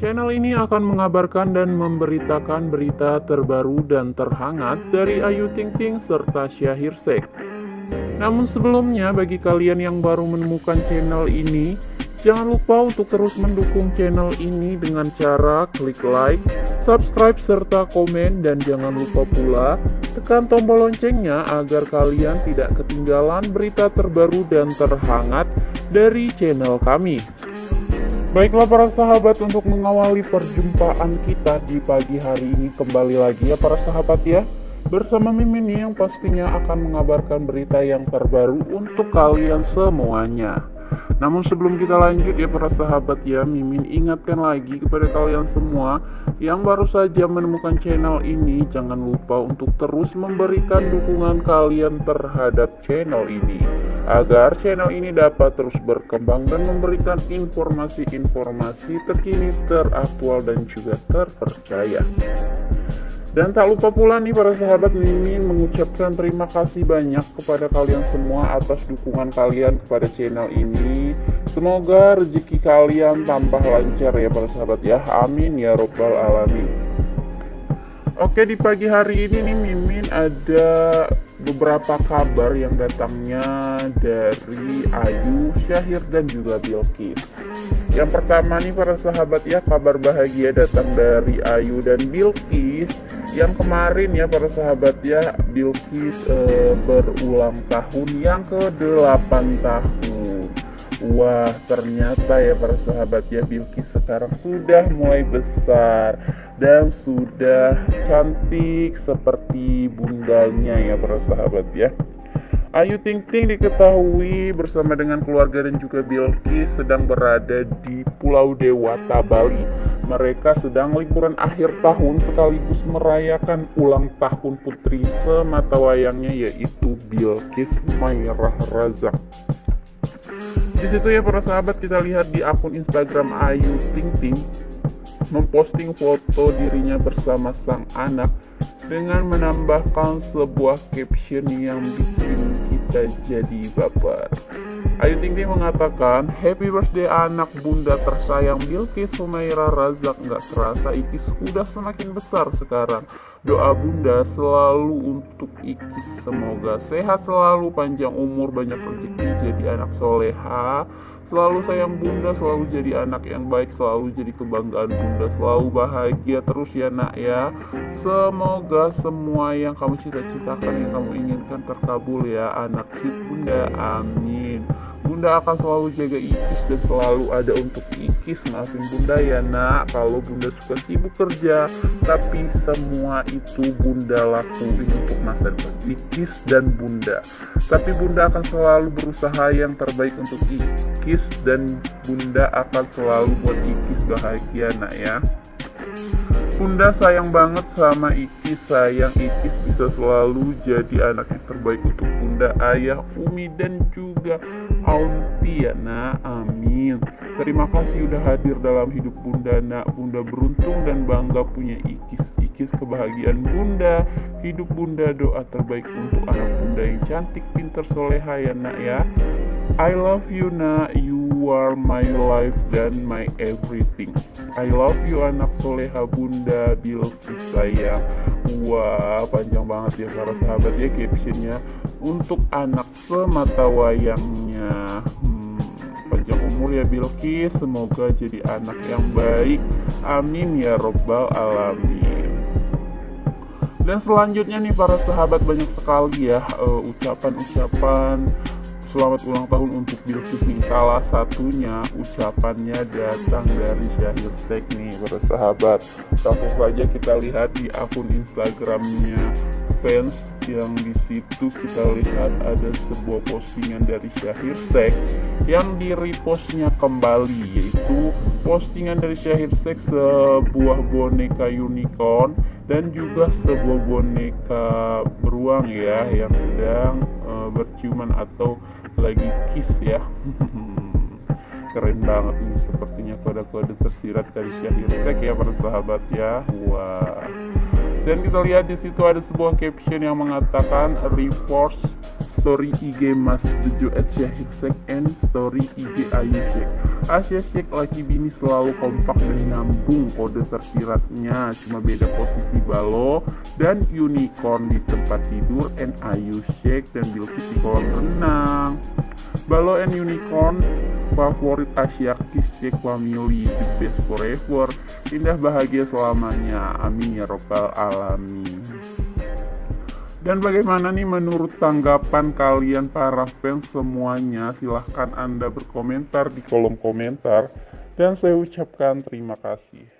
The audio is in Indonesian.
Channel ini akan mengabarkan dan memberitakan berita terbaru dan terhangat dari Ayu Ting Ting serta Syahir Sek. Namun sebelumnya bagi kalian yang baru menemukan channel ini, jangan lupa untuk terus mendukung channel ini dengan cara klik like, subscribe serta komen dan jangan lupa pula tekan tombol loncengnya agar kalian tidak ketinggalan berita terbaru dan terhangat dari channel kami. Baiklah para sahabat untuk mengawali perjumpaan kita di pagi hari ini kembali lagi ya para sahabat ya bersama Mimin yang pastinya akan mengabarkan berita yang terbaru untuk kalian semuanya. Namun sebelum kita lanjut ya para sahabat ya, Mimin ingatkan lagi kepada kalian semua yang baru saja menemukan channel ini jangan lupa untuk terus memberikan dukungan kalian terhadap channel ini agar channel ini dapat terus berkembang dan memberikan informasi-informasi terkini teraktual dan juga terpercaya dan tak lupa pula nih para sahabat Mimin mengucapkan terima kasih banyak kepada kalian semua atas dukungan kalian kepada channel ini Semoga rezeki kalian tambah lancar ya para sahabat ya. Amin ya robbal alamin. Oke di pagi hari ini nih Mimin ada beberapa kabar yang datangnya dari Ayu, Syahir, dan juga Bilkis. Yang pertama nih para sahabat ya, kabar bahagia datang dari Ayu dan Bilkis. Yang kemarin ya para sahabat ya, Bilkis eh, berulang tahun yang ke-8 tahun. Wah, ternyata ya para sahabat ya Bilkis sekarang sudah mulai besar dan sudah cantik seperti bundanya ya para sahabat ya. Ayu Ting Ting diketahui bersama dengan keluarga dan juga Bilkis sedang berada di Pulau Dewata, Bali. Mereka sedang liburan akhir tahun sekaligus merayakan ulang tahun putri semata wayangnya yaitu Bilkis Mayrah Razak di situ ya para sahabat kita lihat di akun Instagram Ayu Ting Ting memposting foto dirinya bersama sang anak dengan menambahkan sebuah caption yang bikin kita jadi baper. Ayu Ting Ting mengatakan, Happy birthday anak bunda tersayang Bilkis Humaira Razak nggak terasa Ikis sudah semakin besar sekarang. Doa bunda selalu untuk Ikis semoga sehat selalu, panjang umur, banyak rezeki jadi anak soleha. Selalu sayang bunda, selalu jadi anak yang baik, selalu jadi kebanggaan bunda, selalu bahagia terus ya nak ya. Semoga semua yang kamu cita-citakan, yang kamu inginkan terkabul ya anak cute bunda, amin. Bunda akan selalu jaga Ikis dan selalu ada untuk Ikis maafin Bunda ya nak kalau Bunda suka sibuk kerja tapi semua itu Bunda lakuin untuk masa depan Ikis dan Bunda tapi Bunda akan selalu berusaha yang terbaik untuk Ikis dan Bunda akan selalu buat Ikis bahagia nak ya Bunda sayang banget sama Ikis sayang Ikis bisa selalu jadi anak yang terbaik untuk ada ayah Fumi dan juga Auntiana. Ya, Amin. Terima kasih udah hadir dalam hidup Bunda Nak. Bunda beruntung dan bangga punya Ikis. Ikis kebahagiaan Bunda. Hidup Bunda doa terbaik untuk anak Bunda yang cantik, pinter, soleha ya Nak ya. I love you Nak. You are my life dan my everything. I love you anak soleha bunda bilkis saya. Wah, panjang banget ya para sahabat ya captionnya. Untuk anak semata wayangnya. Hmm, panjang umur ya Bilqis, semoga jadi anak yang baik. Amin ya robbal alamin. Dan selanjutnya nih para sahabat banyak sekali ya eh, ucapan-ucapan uh, ucapan -ucapan Selamat ulang tahun untuk Bill nih. Salah satunya ucapannya datang dari Syahir Sek nih, bersahabat. Langsung saja kita lihat di akun Instagramnya fans yang di situ kita lihat ada sebuah postingan dari Syahir Sek yang di repostnya kembali yaitu postingan dari Syahir Sek sebuah boneka unicorn dan juga sebuah boneka beruang ya yang sedang berciuman atau lagi kiss ya keren banget ini sepertinya kode-kode tersirat dari Syahir Sek ya para sahabat ya wah dan kita lihat di situ ada sebuah caption yang mengatakan reports story IG Mas 7 at Hiksek and story IG Ayu Syek Asia Syek laki bini selalu kompak dan nyambung kode tersiratnya cuma beda posisi balo dan unicorn di tempat tidur and Ayu Syek dan Bilkis di kolam renang Balo and Unicorn favorit Asyakis Shake Family the best forever indah bahagia selamanya amin ya robbal alamin dan bagaimana nih menurut tanggapan kalian para fans semuanya? Silahkan Anda berkomentar di kolom komentar. Dan saya ucapkan terima kasih.